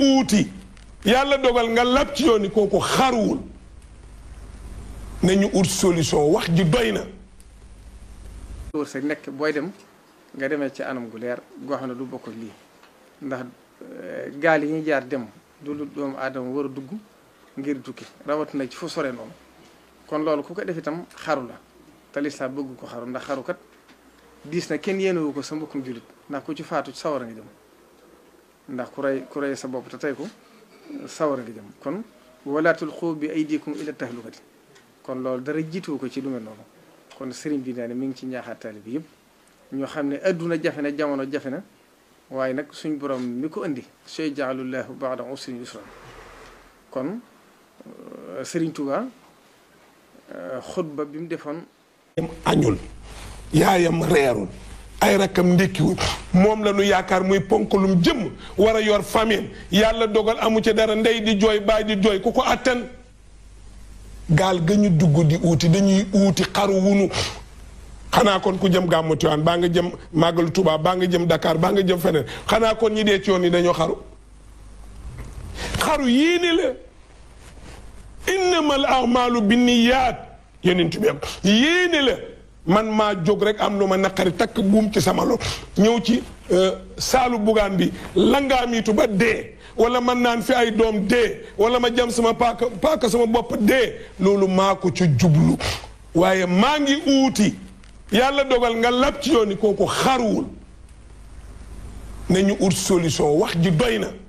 uuti yàlla dogal nga lab ci yoon yi kooku xaruwul nañu ut solution wax ji doy na wërsëg nekk booy dem nga demee ci anam leer goo xam ne du bokk lii ndax eh, gaal yi ñuy jaar dem du lu doomu aadama war a dugg ngir tukki rawatina ci fu sore noonu kon loolu ku ko def itam xaru la te lislaam bëgg ko xaru ndax xarukat diis na kenn yéenewu ko sa mbokkum jullit ndax ku ci faatu ci sawara nga jëm ndax ku rey ku rey sa bopp te tey ko sawara nga jëm kon wala tulqu bi aydikum ila tahlukati kon loolu dara jiitu ko ci lu mel noonu kon sëriñ bi naa ne mi ngi ci ñaaxaat taalibe yëpp ñoo xam ne adduna jafe na jamono jafe na waaye nag suñ borom mi ko indi sayaj'alu baax ba'da usrin yusra kon euh, sëriñ Tuubaa euh, xutba bi mu defoon añul yaayam reerul ay rakam ndékkiwul moom la nu yaakaar muy ponkalum jëmm war a yor famille yàlla dogal amu ci dara ndey di jooy baay di jooy ku ko attan gaal ga ñu dugg di uuti dañuy uuti xaru wunu xanaa kon ku jëm gàmmu Tiwaawan baa nga jëm màggalu Tuubaa baa nga jëm dakaar baa nga jëm feneen xanaa kon ñi dee ci yoon yi dañoo xaru xaru yii ni la innamal a'maalu binniyaat yonent bi am yii ni la man maa jóg rek am lu ma naqari takk buum ci sama loxo ñëw ci euh, saalu bugaan bi langaamiitu ba dee wala man naan fi ay doom dee wala ma jam sama paaka sama bopp dee loolu maako ci jublu waaye maa ngi uuti yàlla dogal nga lab ci yoon ni kooku xaruwul ne ñu ut solution wax ji doy na